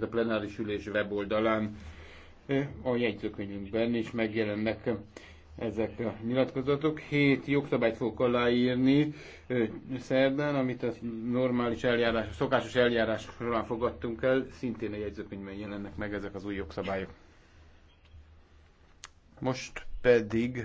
a plenáris ülés weboldalán eh, a jegyzőkönyvünkben is megjelennek ezek a nyilatkozatok. Hét jogszabályt fogok aláírni eh, szerdán, amit a normális eljárás, a szokásos eljárás során fogadtunk el, szintén a jegyzőkönyvben jelennek meg ezek az új jogszabályok. Most pedig